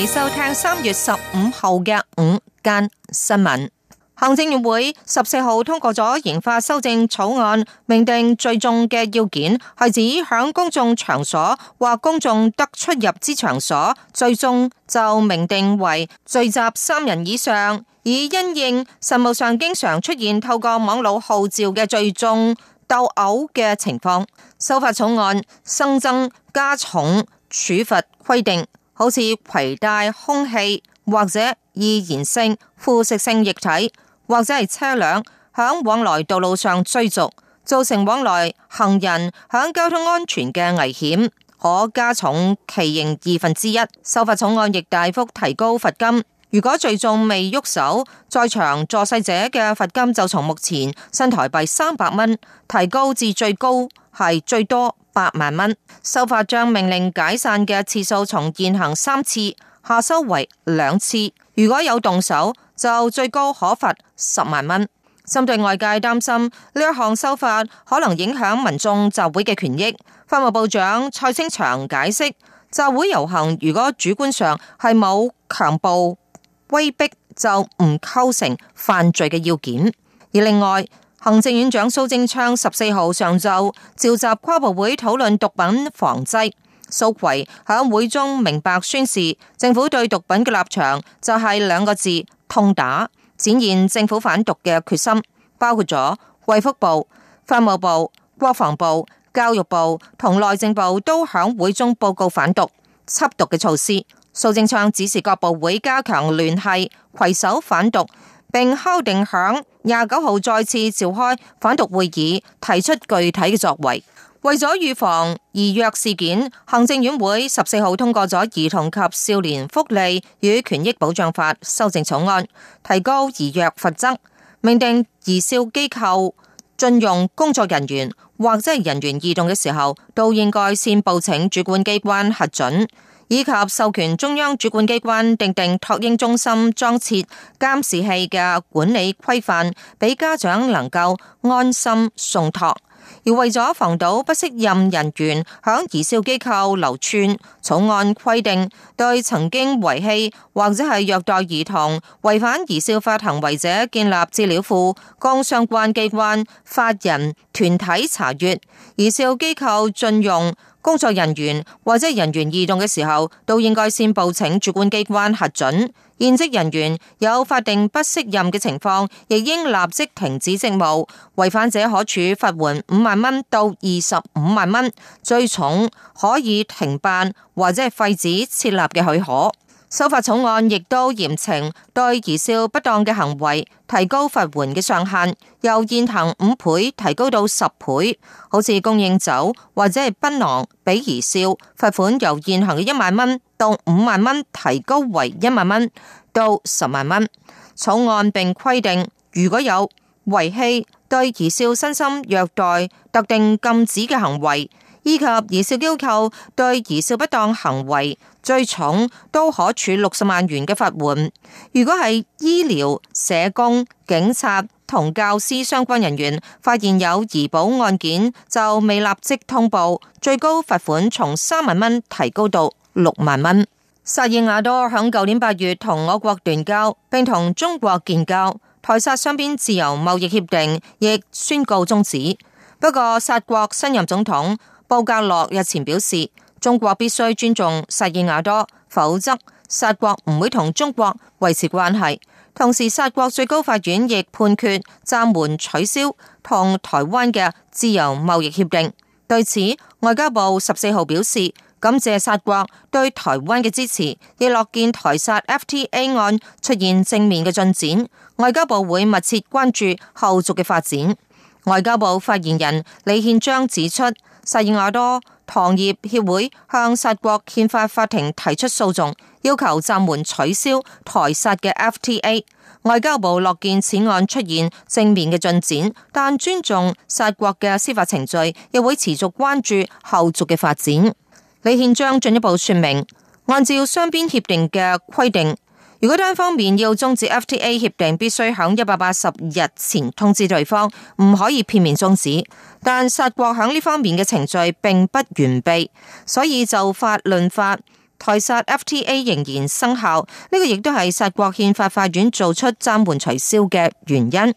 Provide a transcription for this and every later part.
嚟收聽三月十五號嘅午間新聞。行政院會十四號通過咗刑法修正草案，明定聚眾嘅要件係指響公眾場所或公眾得出入之場所聚眾，就明定為聚集三人以上，以因應實務上經常出現透過網路號召嘅聚眾鬥毆嘅情況。修法草案新增加重處罰規定。好似攜帶兇器或者易燃性、腐蝕性液體，或者係車輛響往來道路上追逐，造成往來行人響交通安全嘅危險，可加重其刑二分之一，受罰草案亦大幅提高罰金。如果聚眾，未喐手，在場助勢者嘅罰金就從目前新台幣三百蚊提高至最高係最多八萬蚊，修法將命令解散嘅次數從現行三次下修為兩次。如果有動手，就最高可罰十萬蚊。針對外界擔心呢一項修法可能影響民眾集會嘅權益，法務部長蔡清祥解釋：集會遊行如果主觀上係冇強暴威逼，就唔構成犯罪嘅要件。而另外，行政院長蘇貞昌十四號上晝召集跨部會討論毒品防制。蘇揆響會中明白宣示，政府對毒品嘅立場就係兩個字：痛打，展現政府反毒嘅決心。包括咗衛福部、法務部、國防部、教育部同內政部都響會中報告反毒、緝毒嘅措施。蘇貞昌指示各部會加強聯繫，攜手反毒。並敲定響廿九號再次召開反毒會議，提出具體嘅作為。為咗預防兒虐事件，行政院會十四號通過咗《兒童及少年福利與權益保障法》修正草案，提高兒虐罰則，明定兒少機構進用工作人員或者係人員異動嘅時候，都應該先報請主管機關核準。以及授權中央主管機關訂定托嬰中心裝設監視器嘅管理規範，俾家長能夠安心送托。而為咗防堵不適任人員響兒少機構流竄，草案規定對曾經遺棄或者係虐待兒童、違反兒少法行為者建立資料庫，供相關機關、法人、團體查閱。兒少機構進用，工作人員或者人員異動嘅時候，都應該先報請主管機關核准。現職人員有法定不適任嘅情況，亦應立即停止職務。違反者可處罰鍰五萬蚊到二十五萬蚊，最重可以停辦或者係廢止設立嘅許可。修法草案亦都嚴懲對兒少不當嘅行為，提高罰緩嘅上限，由現行五倍提高到十倍。好似供應酒或者係檳榔俾兒少，罰款由現行嘅一萬蚊到五萬蚊，提高為一萬蚊到十萬蚊。草案並規定，如果有遺棄對兒少身心虐待、特定禁止嘅行為。以及兒少機構對兒少不當行為，最重都可處六十萬元嘅罰款。如果係醫療、社工、警察同教師相關人員，發現有兒保案件就未立即通報，最高罰款從三萬蚊提高到六萬蚊。薩爾瓦多響舊年八月同我國斷交，並同中國建交，台薩雙邊自由貿易協定亦宣告終止。不過薩國新任總統。布格洛日前表示，中國必須尊重薩爾瓦多，否則薩國唔會同中國維持關係。同時，薩國最高法院亦判決暫緩取消同台灣嘅自由貿易協定。對此，外交部十四號表示，感謝薩國對台灣嘅支持，亦樂見台薩 FTA 案出現正面嘅進展。外交部會密切關注後續嘅發展。外交部發言人李憲章指出。薩爾瓦多糖業協會向薩國憲法法庭提出訴訟，要求暫緩取消台薩嘅 FTA。外交部樂見此案出現正面嘅進展，但尊重薩國嘅司法程序，亦會持續關注後續嘅發展。李憲章進一步說明，按照雙邊協定嘅規定。如果單方面要終止 FTA 協定，必須喺一百八十日前通知對方，唔可以片面終止。但薩國喺呢方面嘅程序並不完備，所以就法論法，台薩 FTA 仍然生效。呢個亦都係薩國憲法法院做出暫緩取消嘅原因。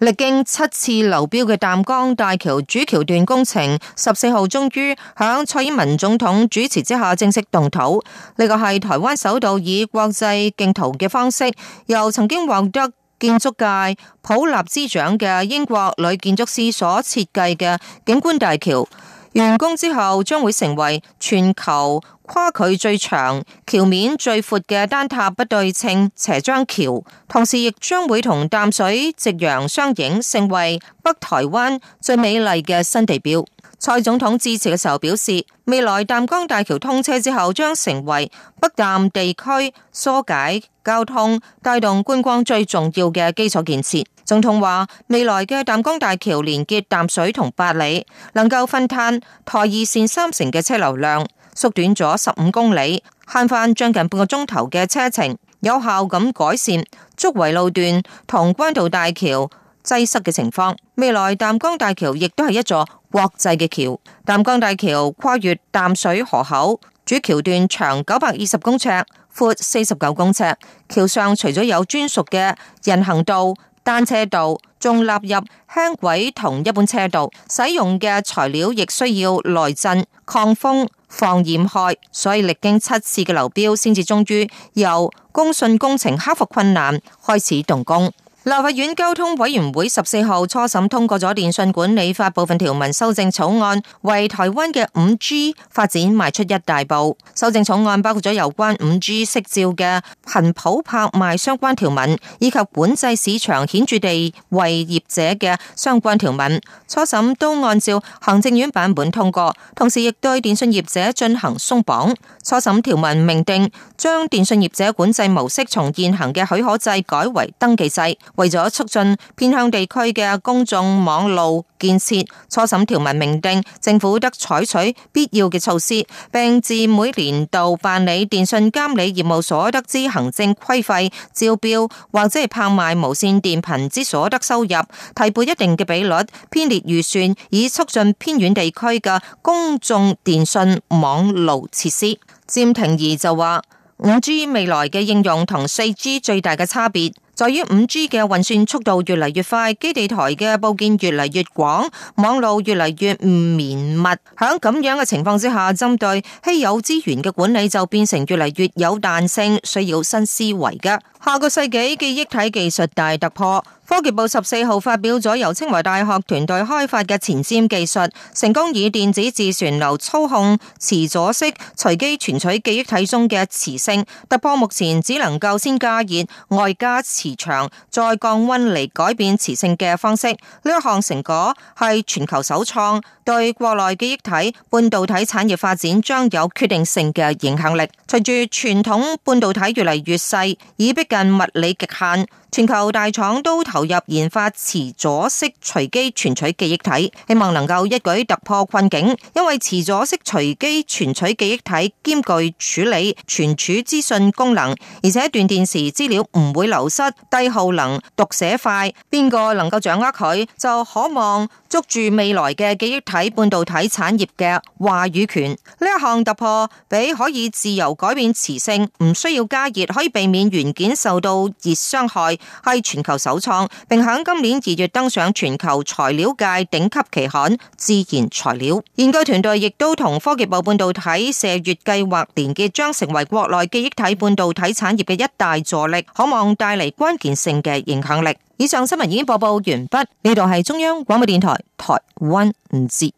歷經七次流標嘅淡江大橋主橋段工程，十四號終於響蔡英文總統主持之下正式動土。呢個係台灣首度以國際競圖嘅方式，由曾經獲得建築界普立茲獎嘅英國女建築師所設計嘅景觀大橋。完工之後，將會成為全球跨距最長、橋面最闊嘅單塔不對稱斜張橋，同時亦將會同淡水夕陽相映，成為北台灣最美麗嘅新地標。蔡總統致辭嘅時候表示，未來淡江大橋通車之後，將成為北淡地區疏解交通、帶動觀光最重要嘅基礎建設。總統話，未來嘅淡江大橋連結淡水同八里，能夠分攤台二線三成嘅車流量，縮短咗十五公里，慳翻將近半個鐘頭嘅車程，有效咁改善竹圍路段、同關渡大橋擠塞嘅情況。未來淡江大橋亦都係一座國際嘅橋，淡江大橋跨越淡水河口，主橋段長九百二十公尺，闊四十九公尺。橋上除咗有專屬嘅人行道、單車道，仲納入輕軌同一般車道。使用嘅材料亦需要耐震、抗風、防掩害，所以歷經七次嘅流標，先至終於由工信工程克服困難開始動工。立法院交通委員會十四號初審通過咗電信管理法部分條文修正草案，為台灣嘅五 G 發展邁出一大步。修正草案包括咗有關五 G 釋照嘅頻譜拍賣相關條文，以及管制市場顯著地位業者嘅相關條文。初審都按照行政院版本通過，同時亦對電信業者進行鬆綁。初審條文明定將電信業者管制模式從現行嘅許可制改為登記制。為咗促進偏向地區嘅公眾網路建設，初審條文明定政府得採取必要嘅措施，並自每年度辦理電信監理業務所得之行政規費、招標或者係拍賣無線電頻之所得收入，提撥一定嘅比率編列預算，以促進偏遠地區嘅公眾電信網路設施。詹婷儀就話：五 G 未來嘅應用同四 G 最大嘅差別。在於 5G 嘅運算速度越嚟越快，基地台嘅布建越嚟越廣，網路越嚟越唔綿密。響咁樣嘅情況之下，針對稀有資源嘅管理就變成越嚟越有彈性，需要新思維㗎。下個世紀記憶體技術大突破。科技部十四號發表咗由清華大學團隊開發嘅前瞻技術，成功以電子自旋流操控磁阻式隨機存取記憶體中嘅磁性，突破目前只能夠先加熱外加磁場再降溫嚟改變磁性嘅方式。呢一項成果係全球首創，對國內記憶體半導體產業發展將有決定性嘅影響力。隨住傳統半導體越嚟越細，已逼近物理極限，全球大廠都投。入研發磁阻式隨機存取記憶體，希望能夠一舉突破困境。因為磁阻式隨機存取記憶體兼具處理、存儲資訊功能，而且斷電時資料唔會流失、低耗能、讀寫快。邊個能夠掌握佢，就可望捉住未來嘅記憶體半導體產業嘅話語權。呢一項突破，比可以自由改變磁性、唔需要加熱、可以避免元件受到熱傷害，係全球首創。並喺今年二月登上全球材料界頂級期刊《自然材料》，研究團隊亦都同科技部半導體、射月計劃連接，將成為國內記憶體半導體產業嘅一大助力，可望帶嚟關鍵性嘅影響力。以上新聞已經播報完畢，呢度係中央廣播電台台灣吳志。